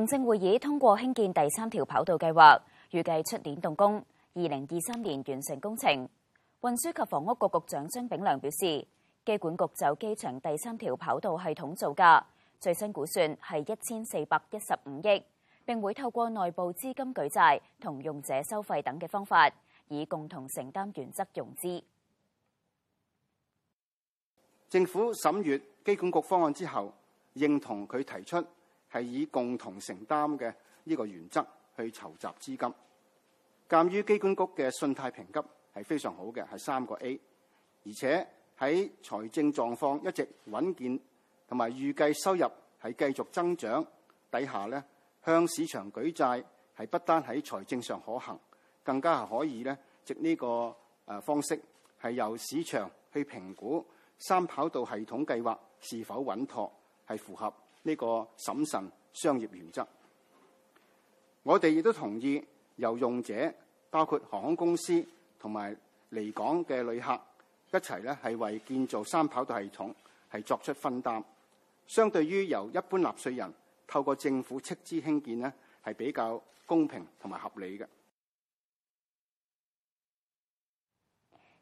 行政會議通過興建第三條跑道計劃，預計出年動工，二零二三年完成工程。運輸及房屋局局長張炳良表示，機管局就機場第三條跑道系統造價，最新估算係一千四百一十五億，並會透過內部資金舉債同用者收費等嘅方法，以共同承擔原則融資。政府審閱機管局方案之後，認同佢提出。係以共同承擔嘅呢個原則去籌集資金。鑑於機管局嘅信貸評級係非常好嘅，係三個 A，而且喺財政狀況一直穩健，同埋預計收入係繼續增長底下呢，向市場舉債係不單喺財政上可行，更加係可以呢，藉呢個誒方式係由市場去評估三跑道系統計劃是否穩妥係符合呢個審慎商業原則，我哋亦都同意由用者，包括航空公司同埋離港嘅旅客一齊咧，係為建造三跑道系統係作出分擔。相對於由一般納稅人透過政府斥資興建呢係比較公平同埋合理嘅。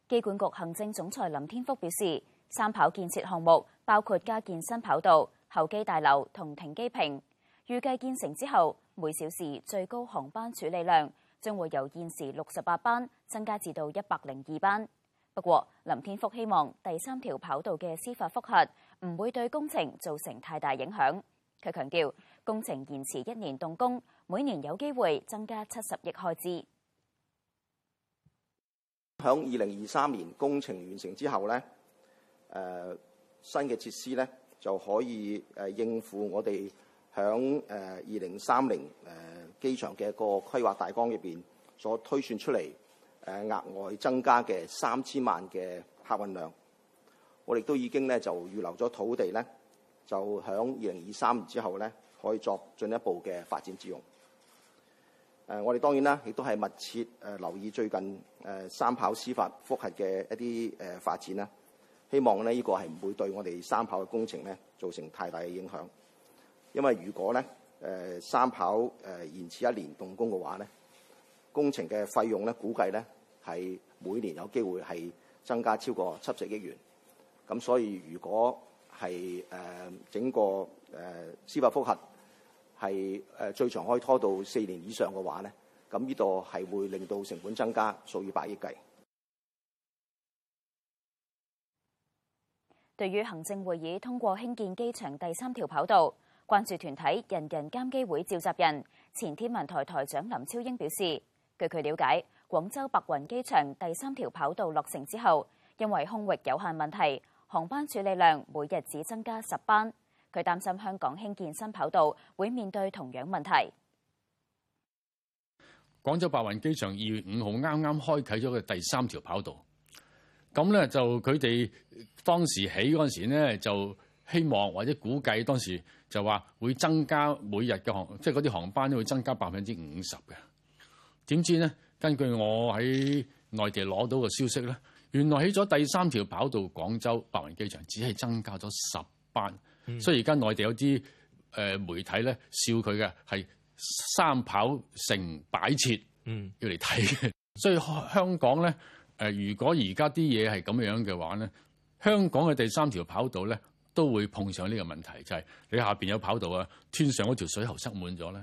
機管局行政總裁林天福表示，三跑建設項目包括加建新跑道。候機大樓同停機坪預計建成之後，每小時最高航班處理量將會由現時六十八班增加至到一百零二班。不過林天福希望第三條跑道嘅司法覆核唔會對工程造成太大影響。佢強調工程延遲一年動工，每年有機會增加七十億開支。響二零二三年工程完成之後咧，誒、呃、新嘅設施咧。就可以誒應付我哋響誒二零三零誒機場嘅一個規劃大綱入邊所推算出嚟誒額外增加嘅三千萬嘅客運量，我哋都已經咧就預留咗土地咧，就響二零二三年之後咧可以作進一步嘅發展之用。誒，我哋當然啦，亦都係密切誒留意最近誒三跑司法覆核嘅一啲誒發展啦。希望咧，呢個係唔會對我哋三跑嘅工程咧造成太大嘅影響。因為如果咧，誒三跑誒延遲一年動工嘅話咧，工程嘅費用咧，估計咧係每年有機會係增加超過七十億元。咁所以如果係誒整個誒司法覆核係最長可以拖到四年以上嘅話咧，咁呢度係會令到成本增加數以百億計。對於行政會議通過興建機場第三條跑道，關注團體人人監機會召集人前天文台台長林超英表示，據佢了解，廣州白雲機場第三條跑道落成之後，因為空域有限問題，航班處理量每日只增加十班。佢擔心香港興建新跑道會面對同樣問題。廣州白雲機場二月五號啱啱開啓咗嘅第三條跑道。咁咧就佢哋當時起嗰陣時咧，就希望或者估計當時就話會增加每日嘅航，即係嗰啲航班都會增加百分之五十嘅。點知咧？根據我喺內地攞到嘅消息咧，原來起咗第三條跑道，廣州白雲機場只係增加咗十班，嗯、所以而家內地有啲誒媒體咧笑佢嘅係三跑成擺設，嗯，要嚟睇嘅。所以香港咧。誒，如果而家啲嘢係咁樣嘅話咧，香港嘅第三條跑道咧，都會碰上呢個問題，就係、是、你下邊有跑道啊，天上嗰條水喉塞滿咗咧，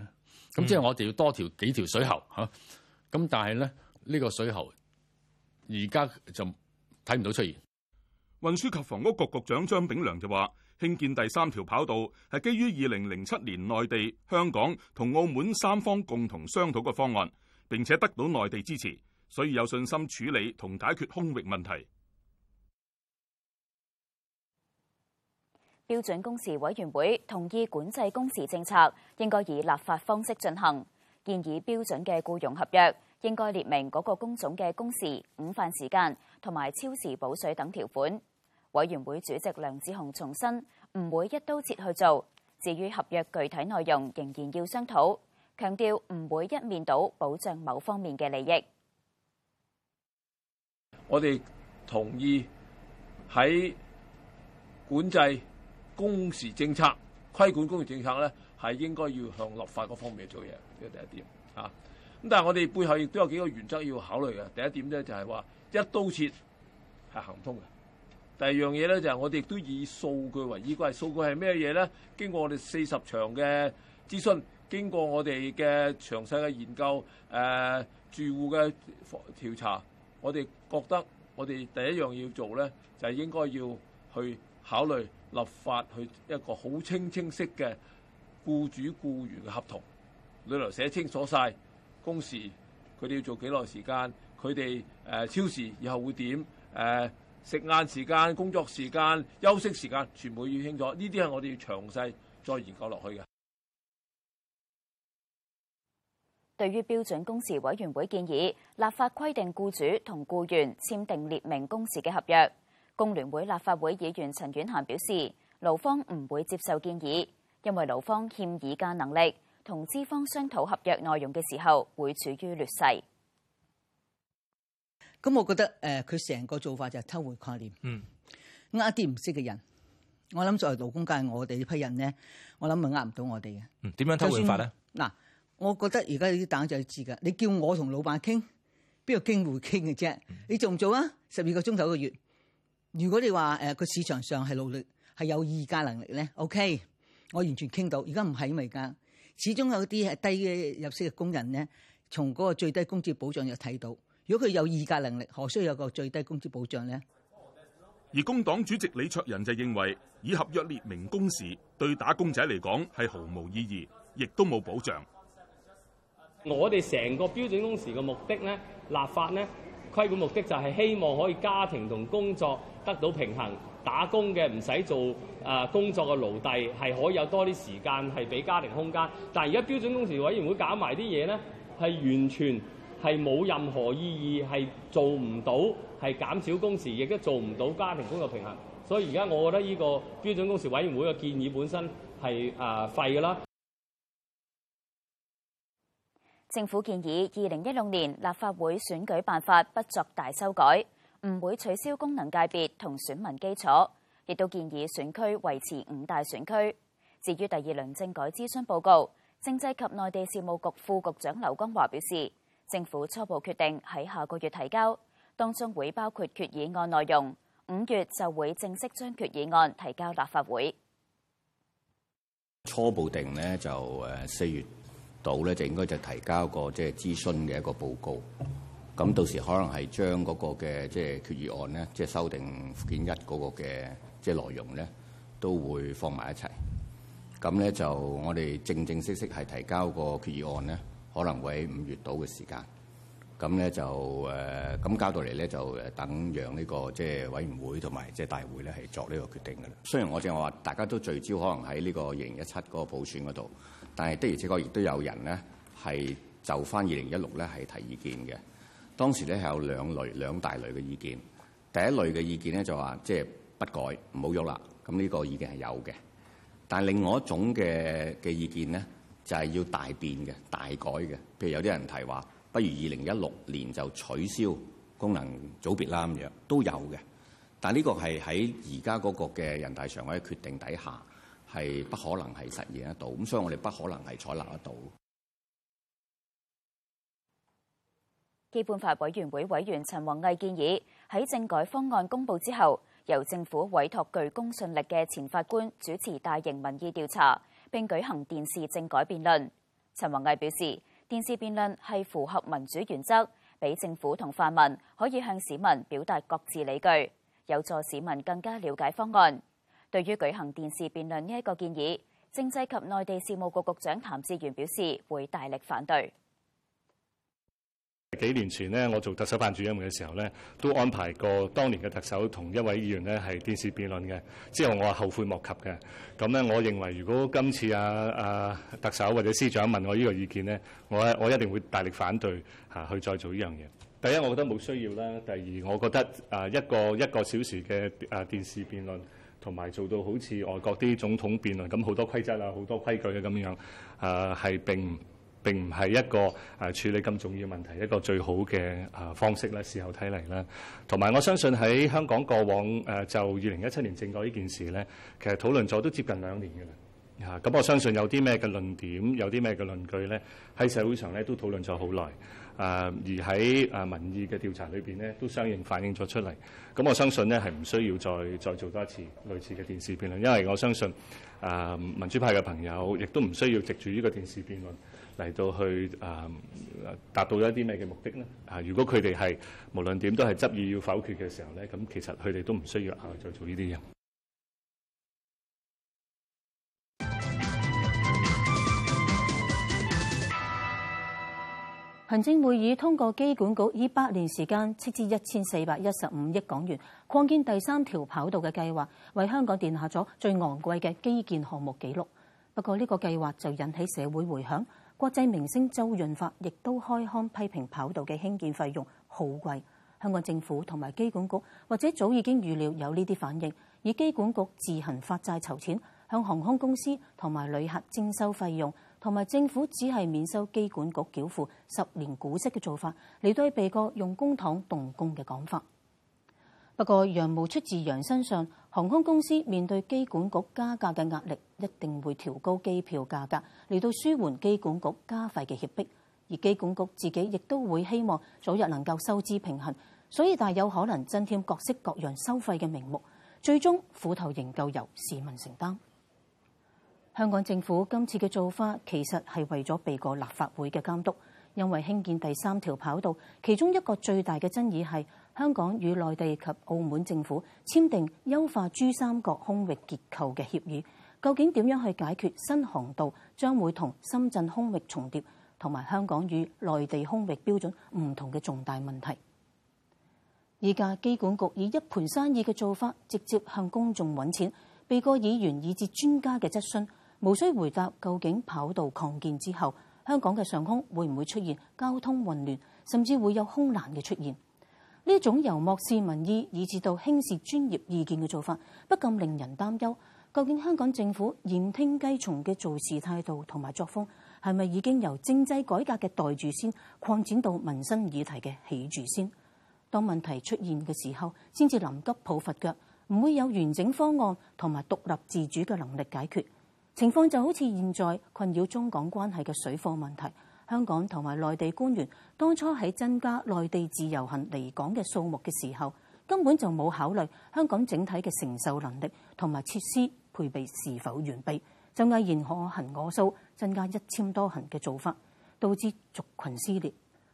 咁即係我哋要多條幾條水喉嚇，咁、啊、但係咧呢、這個水喉而家就睇唔到出現。運輸及房屋局局長張炳良就話：興建第三條跑道係基於二零零七年內地、香港同澳門三方共同商討嘅方案，並且得到內地支持。所以有信心處理同解決空域問題。標準工時委員會同意管制工時政策應該以立法方式進行，建議標準嘅僱傭合約應該列明嗰個工種嘅工時、午飯時間同埋超時補水等條款。委員會主席梁智鴻重申唔會一刀切去做，至於合約具體內容仍然要商討，強調唔會一面倒，保障某方面嘅利益。我哋同意喺管制工時政策、規管工時政策咧，係應該要向立法嗰方面去做嘢。呢個第一點啊，咁但係我哋背後亦都有幾個原則要考慮嘅。第一點咧就係話一刀切係行唔通嘅。第二樣嘢咧就係我哋亦都以數據為依歸。數據係咩嘢咧？經過我哋四十場嘅諮詢，經過我哋嘅詳細嘅研究，誒、呃、住戶嘅調查。我哋覺得，我哋第一樣要做咧，就係應該要去考慮立法，去一個好清清晰嘅僱主僱員嘅合同，裏頭寫清楚晒工時，佢哋要做幾耐時間，佢哋誒超時以後會點，誒食晏時間、工作時間、休息時間，全部要清楚。呢啲係我哋要詳細再研究落去嘅。對於標準工時委員會建議立法規定僱主同僱員簽訂列明工時嘅合約，工聯會立法會議員陳婉嫻表示，勞方唔會接受建議，因為勞方欠議價能力，同資方商討合約內容嘅時候會處於劣勢。咁、嗯、我覺得誒，佢、呃、成個做法就係偷換概念，嗯，呃啲唔識嘅人，我諗作為勞工界我哋呢批人呢，我諗係呃唔到我哋嘅。嗯，點樣偷換法咧？嗱。我覺得而家啲蛋仔知噶，你叫我同老闆傾邊個傾會傾嘅啫？你做唔做啊？十二個鐘頭一個月。如果你話誒個市場上係努力係有議價能力咧，OK，我完全傾到。而家唔係啊嘛，而家始終有啲係低嘅入息嘅工人咧，從嗰個最低工資保障又睇到。如果佢有議價能力，何須有個最低工資保障咧？而工黨主席李卓人就認為，以合約列明工時對打工仔嚟講係毫無意義，亦都冇保障。我哋成個標準工時嘅目的呢，立法呢規管目的就係希望可以家庭同工作得到平衡，打工嘅唔使做啊、呃、工作嘅奴隸，係可以有多啲時間係俾家庭空間。但係而家標準工時委員會搞埋啲嘢呢，係完全係冇任何意義，係做唔到，係減少工時亦都做唔到家庭工作平衡。所以而家我覺得呢個標準工時委員會嘅建議本身係啊廢㗎啦。呃政府建議二零一六年立法會選舉辦法不作大修改，唔會取消功能界別同選民基礎，亦都建議選區維持五大選區。至於第二輪政改諮詢報告，政制及內地事務局副局長劉江華表示，政府初步決定喺下個月提交，當中會包括決議案內容，五月就會正式將決議案提交立法會。初步定呢就誒四月。到咧就應該就提交個即係諮詢嘅一個報告，咁到時可能係將嗰個嘅即係決議案咧，即係修訂附件一嗰個嘅即係內容咧，都會放埋一齊。咁咧就我哋正正式式係提交個決議案咧，可能會喺五月度嘅時間。咁咧就誒咁、呃、交到嚟咧就誒等讓呢個即係委員會同埋即係大會咧係作呢個決定㗎啦。雖然我正話大家都聚焦可能喺呢個二零一七嗰個補選嗰度。但係的而且確，亦都有人咧係就翻二零一六咧係提意見嘅。當時咧係有兩類、兩大類嘅意見。第一類嘅意見咧就話即係不改唔好喐啦。咁呢個意見係有嘅。但係另外一種嘅嘅意見咧就係要大變嘅、大改嘅。譬如有啲人提話，不如二零一六年就取消功能組別啦，咁樣都有嘅。但係呢個係喺而家嗰個嘅人大常委嘅決定底下。係不可能係實現得到，咁所以我哋不可能係採納得到。基本法委員會委員陳弘毅建議喺政改方案公布之後，由政府委託具公信力嘅前法官主持大型民意調查，並舉行電視政改辯論。陳弘毅表示，電視辯論係符合民主原則，俾政府同泛民可以向市民表達各自理據，有助市民更加了解方案。對於舉行電視辯論呢一個建議，政制及內地事務局局長譚志源表示會大力反對。幾年前咧，我做特首辦主任嘅時候咧，都安排過當年嘅特首同一位議員咧係電視辯論嘅。之後我係後悔莫及嘅。咁咧，我認為如果今次啊啊特首或者司長問我呢個意見咧，我我一定會大力反對嚇、啊、去再做呢樣嘢。第一，我覺得冇需要啦。第二，我覺得啊一個一個小時嘅啊電視辯論。同埋做到好似外國啲總統辯論咁，好多規則啊，好多規矩嘅咁樣係並並唔係一個誒處理咁重要問題一個最好嘅啊方式咧。事後睇嚟啦同埋我相信喺香港過往誒就二零一七年政改呢件事咧，其實討論咗都接近兩年㗎啦。咁我相信有啲咩嘅論點，有啲咩嘅論據咧，喺社會上咧都討論咗好耐。誒、呃、而喺誒民意嘅調查裏邊咧，都相應反映咗出嚟。咁我相信呢係唔需要再再做多一次類似嘅電視辯論，因為我相信誒、呃、民主派嘅朋友亦都唔需要藉住呢個電視辯論嚟到去誒、呃、達到一啲咩嘅目的咧。嚇、呃！如果佢哋係無論點都係執意要否決嘅時候呢，咁其實佢哋都唔需要啊再做呢啲嘢。行政會議通過機管局以八年時間斥資一千四百一十五億港元擴建第三條跑道嘅計劃，為香港訂下咗最昂貴嘅基建項目記錄。不過呢個計劃就引起社會回響，國際明星周潤發亦都開腔批評跑道嘅興建費用好貴。香港政府同埋機管局或者早已經預料有呢啲反應，以機管局自行發債籌錢，向航空公司同埋旅客徵收費用。同埋政府只係免收機管局繳付十年股息嘅做法，嚟對被告用公帑動工嘅講法。不過，羊毛出自羊身上，航空公司面對機管局加價嘅壓力，一定會調高機票價格，嚟到舒緩機管局加費嘅脅迫。而機管局自己亦都會希望早日能夠收支平衡，所以大有可能增添各式各樣收費嘅名目，最終苦頭仍舊由市民承擔。香港政府今次嘅做法其實，係為咗避過立法會嘅監督，因為興建第三條跑道，其中一個最大嘅爭議，係香港與內地及澳門政府簽訂優化珠三角空域結構嘅協議，究竟點樣去解決新航道將會同深圳空域重疊同埋香港與內地空域標準唔同嘅重大問題。而家機管局以一盤生意嘅做法直接向公眾揾錢，避過議員以至專家嘅質詢。無需回答，究竟跑道擴建之後香港嘅上空會唔會出現交通混亂，甚至會有空難嘅出現？呢種由漠視民意，以至到輕視專業意見嘅做法，不禁令人擔憂，究竟香港政府言聽計從嘅做事態度同埋作風係咪已經由政制改革嘅袋住先擴展到民生議題嘅起住先？當問題出現嘅時候，先至臨急抱佛腳，唔會有完整方案同埋獨立自主嘅能力解決。情況就好似現在困擾中港關係嘅水貨問題。香港同埋內地官員當初喺增加內地自由行嚟港嘅數目嘅時候，根本就冇考慮香港整體嘅承受能力同埋設施配備是否完備，就毅然可行我素增加一千多行嘅做法，導致族群撕裂。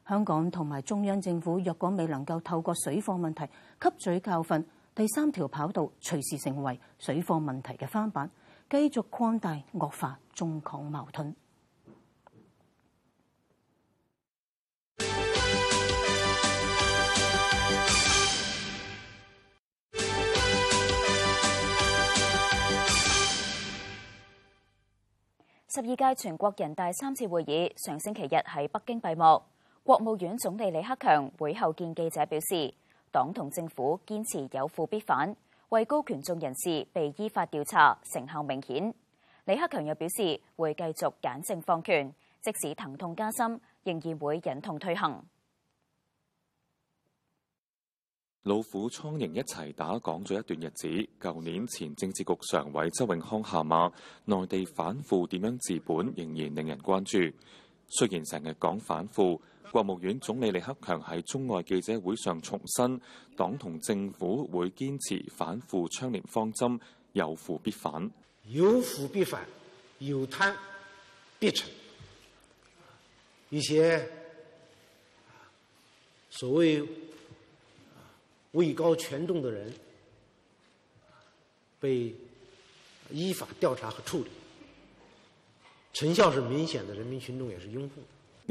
香港同埋中央政府若果未能夠透過水貨問題吸取教訓，第三條跑道隨時成為水貨問題嘅翻版。繼續擴大惡化中港矛盾。十二屆全國人大三次會議上星期日喺北京閉幕。國務院總理李克強會後見記者表示，黨同政府堅持有腐必反。位高權重人士被依法調查，成效明顯。李克強又表示會繼續簡政放權，即使疼痛加深，仍然會忍痛推行。老虎蒼蠅一齊打，講咗一段日子。舊年前政治局常委周永康下馬，內地反腐點樣治本，仍然令人關注。雖然成日講反腐。國務院總理李克強喺中外記者會上重申，黨同政府會堅持反腐倡廉方針，有腐必反。有腐必反，有貪必懲。一些所謂位高權重的人被依法調查和處理，成效是明顯的，人民群眾也是擁護。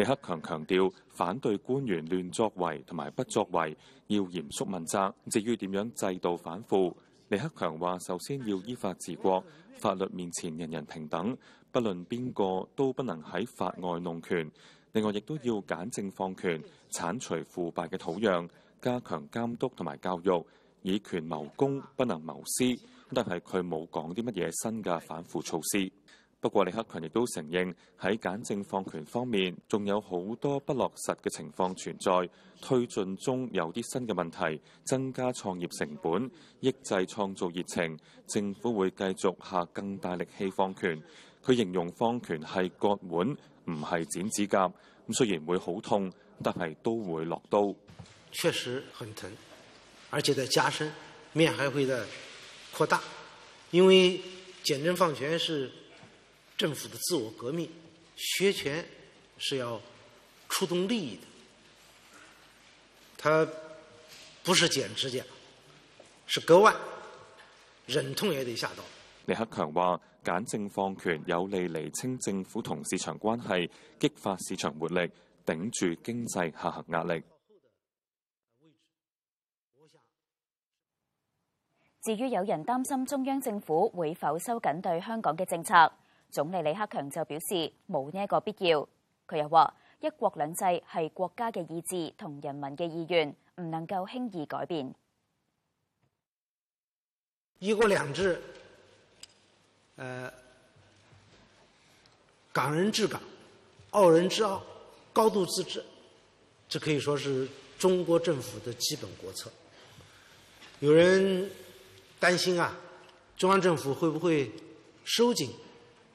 李克強強調反對官員亂作為同埋不作為，要嚴肅問責。至於點樣制度反腐，李克強話首先要依法治國，法律面前人人平等，不論邊個都不能喺法外弄權。另外，亦都要簡政放權，鏟除腐敗嘅土壤，加強監督同埋教育，以權謀公不能謀私。但係佢冇講啲乜嘢新嘅反腐措施。不過李克強亦都承認，喺簡政放權方面仲有好多不落實嘅情況存在，推進中有啲新嘅問題，增加創業成本，抑制創造熱情。政府會繼續下更大力氣放權。佢形容放權係割腕，唔係剪指甲。咁雖然會好痛，但係都會落刀。確實很疼，而且在加深，面還會在擴大，因為簡政放權是。政府嘅自我革命，削權是要觸動利益的，它不是剪指甲，是割腕，忍痛也得下刀。李克強話：簡政放權有利釐清政府同市場關係，激發市場活力，頂住經濟下行壓力。至於有人擔心中央政府會否收緊對香港嘅政策？總理李克強就表示冇呢一個必要。佢又話：一國兩制係國家嘅意志同人民嘅意願，唔能夠輕易改變。一國兩制，呃，港人治港，澳人治澳，高度自治，這可以說是中國政府的基本國策。有人擔心啊，中央政府會不會收緊？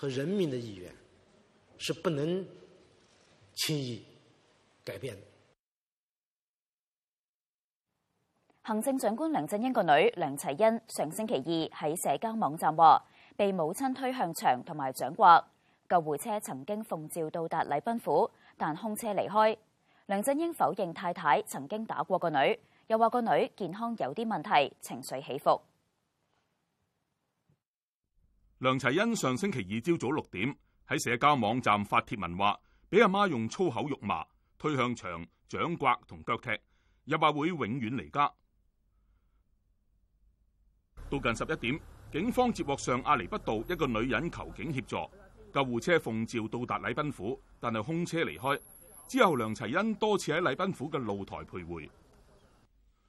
和人民的意願是不能輕易改變的。行政長官梁振英個女梁齊昕上星期二喺社交網站話，被母親推向牆同埋掌摑。救護車曾經奉召到達禮賓府，但空車離開。梁振英否認太太曾經打過個女，又話個女健康有啲問題，情緒起伏。梁齊昕上星期二朝早六點喺社交網站發帖文，話俾阿媽用粗口辱罵，推向牆、掌摑同腳踢，又話會永遠離家。到近十一點，警方接獲上亞厘畢道一個女人求警協助，救護車奉召到達禮賓府，但係空車離開。之後梁齊昕多次喺禮賓府嘅露台徘徊。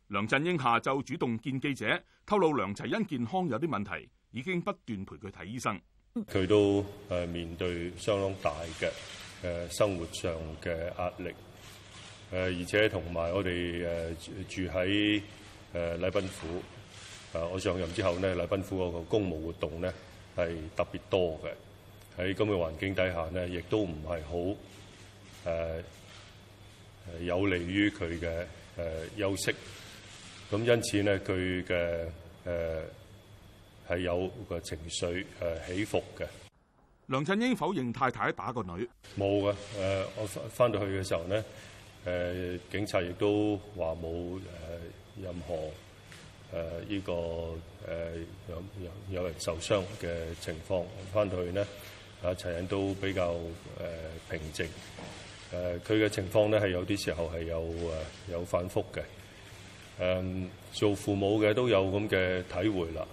梁振英下晝主動見記者，透露梁齊昕健康有啲問題。已經不斷陪佢睇醫生，佢都誒面對相當大嘅誒生活上嘅壓力，誒而且同埋我哋誒住喺誒禮賓府，啊我上任之後呢禮賓府嗰個公務活動呢係特別多嘅。喺咁嘅環境底下呢亦都唔係好誒有利於佢嘅誒休息，咁因此呢佢嘅誒。係有個情緒誒起伏嘅。梁振英否認太太打個女冇嘅。誒，我翻翻到去嘅時候呢，誒警察亦都話冇誒任何誒呢、呃這個誒、呃、有有有人受傷嘅情況。翻到去呢，阿、呃、齊昕都比較誒、呃、平靜。誒佢嘅情況咧係有啲時候係有誒有反覆嘅。誒、呃、做父母嘅都有咁嘅體會啦。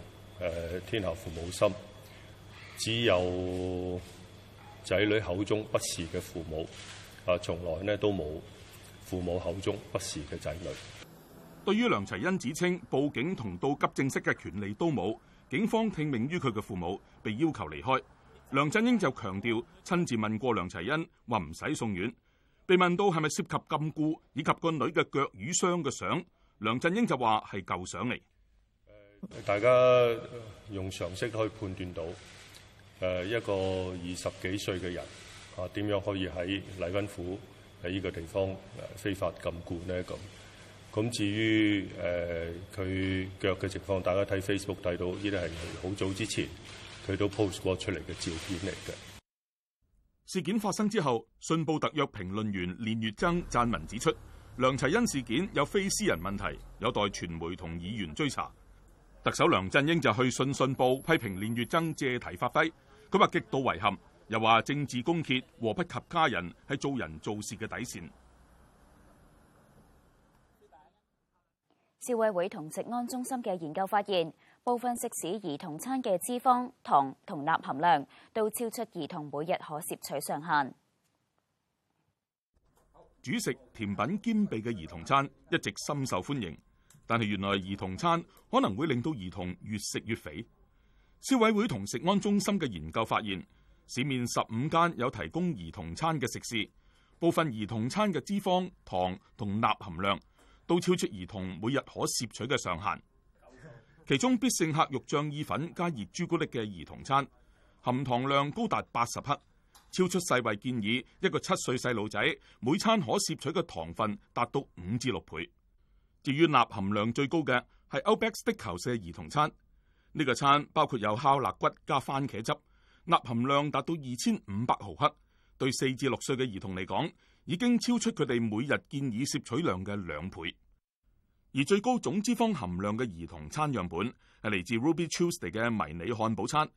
誒天下父母心，只有仔女口中不是嘅父母，啊，從來咧都冇父母口中不是嘅仔女。對於梁齊昕指稱報警同到急症室嘅權利都冇，警方聽命於佢嘅父母，被要求離開。梁振英就強調親自問過梁齊昕話唔使送院，被問到係咪涉及禁錮以及個女嘅腳瘀傷嘅相，梁振英就話係舊相嚟。大家用常識可以判斷到，誒，一個二十幾歲嘅人啊，點樣可以喺禮賓府喺呢個地方非法禁錮呢？咁咁至於誒佢腳嘅情況，大家睇 Facebook 睇到呢啲係好早之前佢都 post 過出嚟嘅照片嚟嘅。事件發生之後，信報特約評論員練乙錚撰文指出，梁齊昕事件有非私人問題，有待傳媒同議員追查。特首梁振英就去信《信報》，批評練乙錚借題發揮，佢話極度遺憾，又話政治攻訐禍不及家人係做人做事嘅底線。消委會同食安中心嘅研究發現，部分食肆兒童餐嘅脂肪、糖同鈉含量都超出兒童每日可攝取上限。主食甜品兼備嘅兒童餐一直深受歡迎，但係原來兒童餐。可能會令到兒童越食越肥。消委會同食安中心嘅研究發現，市面十五間有提供兒童餐嘅食肆，部分兒童餐嘅脂肪、糖同鈉含量都超出兒童每日可攝取嘅上限。其中必勝客肉醬意粉加熱朱古力嘅兒童餐，含糖量高達八十克，超出世衛建議一個七歲細路仔每餐可攝取嘅糖分達到五至六倍。至於鈉含量最高嘅。係 Obex 的球社兒童餐，呢個餐，包括有烤肋骨加番茄汁，鈉含量達到二千五百毫克，對四至六歲嘅兒童嚟講，已經超出佢哋每日建議攝取量嘅兩倍。而最高總脂肪含量嘅兒童餐樣本係嚟自 Ruby Tuesday 嘅迷你漢堡餐，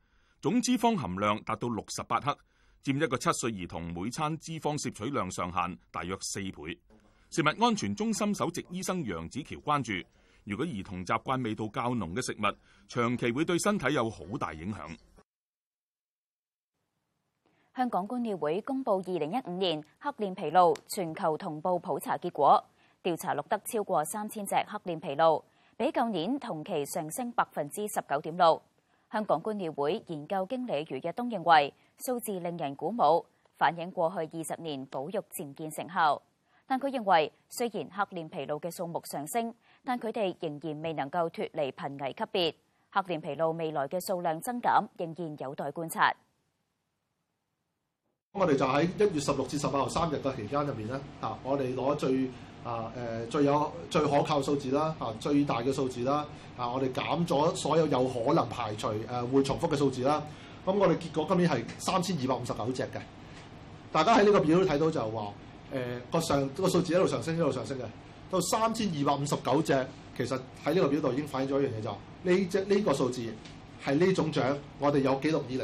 總脂肪含量達到六十八克，佔一個七歲兒童每餐脂肪攝取量上限大約四倍。食物安全中心首席醫生楊子橋關注。如果兒童習慣味道較濃嘅食物，長期會對身體有好大影響。香港觀鳥會公布二零一五年黑臉琵鷺全球同步普查結果，調查錄得超過三千隻黑臉琵鷺，比舊年同期上升百分之十九點六。香港觀鳥會研究經理余日東認為數字令人鼓舞，反映過去二十年保育漸見成效。但佢認為雖然黑臉琵鷺嘅數目上升，但佢哋仍然未能夠脫離瀕危級別，黑臉琵鷺未來嘅數量增減仍然有待觀察。咁我哋就喺一月十六至十八號三日嘅期間入面咧，啊，我哋攞最啊誒最有最可靠數字啦，啊，最大嘅數字啦，啊，我哋減咗所有有可能排除誒會重複嘅數字啦。咁我哋結果今年係三千二百五十九隻嘅。大家喺呢個表都睇到就係話誒個上個數字一路上升一路上升嘅。到三千二百五十九隻，其實喺呢個表度已經反映咗一樣嘢就，呢隻呢個數字係呢種獎，我哋有記錄以嚟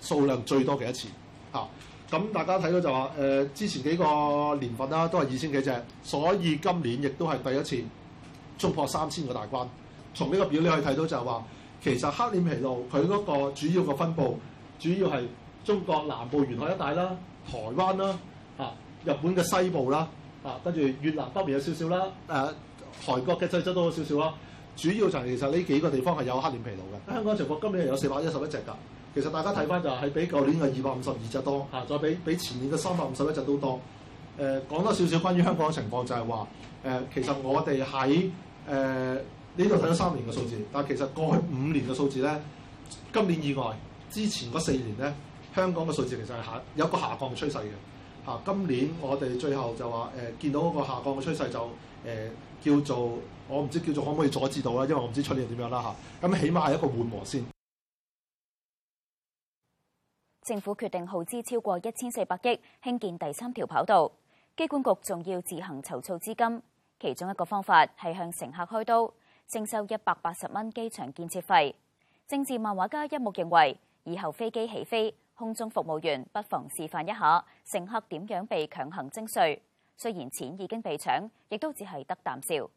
數量最多嘅一次。嚇、啊，咁大家睇到就話，誒、呃、之前幾個年份啦、啊，都係二千幾隻，所以今年亦都係第一次衝破三千個大關。從呢個表你可以睇到就係話，其實黑臉琵鷺，佢嗰個主要個分佈，主要係中國南部沿海一帶啦、台灣啦、嚇、啊、日本嘅西部啦。啊，跟住越南方面有少少啦，誒、啊，韓國嘅濟州都有少少啦。主要就係其實呢幾個地方係有黑臉琵鷺嘅。香港嘅情況今年有四百一十一隻㗎，其實大家睇翻就係比舊年嘅二百五十二隻多，啊、再比比前年嘅三百五十一隻都多。啊、講多少少關於香港嘅情況就係話、啊，其實我哋喺誒呢度睇咗三年嘅數字，但其實過去五年嘅數字咧，今年以外，之前嗰四年咧，香港嘅數字其實係下有一個下降嘅趨勢嘅。啊！今年我哋最後就話誒、呃、見到嗰個下降嘅趨勢就，就、呃、誒叫做我唔知叫做可唔可以阻止到啦，因為我唔知出年點樣啦嚇。咁、啊、起碼係一個緩和先。政府決定耗資超過一千四百億興建第三條跑道，機管局仲要自行籌措資金，其中一個方法係向乘客開刀徵收一百八十蚊機場建設費。政治漫畫家一目認為，以後飛機起飛。空中服務員不妨示範一下乘客點樣被強行徵稅，雖然錢已經被搶，亦都只係得啖笑。